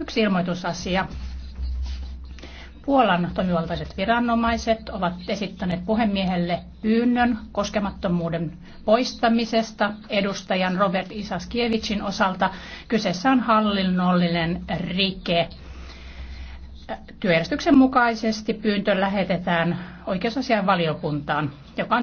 Yksi ilmoitusasia. Puolan toimivaltaiset viranomaiset ovat esittäneet puhemiehelle pyynnön koskemattomuuden poistamisesta edustajan Robert Isaskiewiczin osalta. Kyseessä on hallinnollinen rike. Työjärjestyksen mukaisesti pyyntö lähetetään oikeusasian valiokuntaan, joka on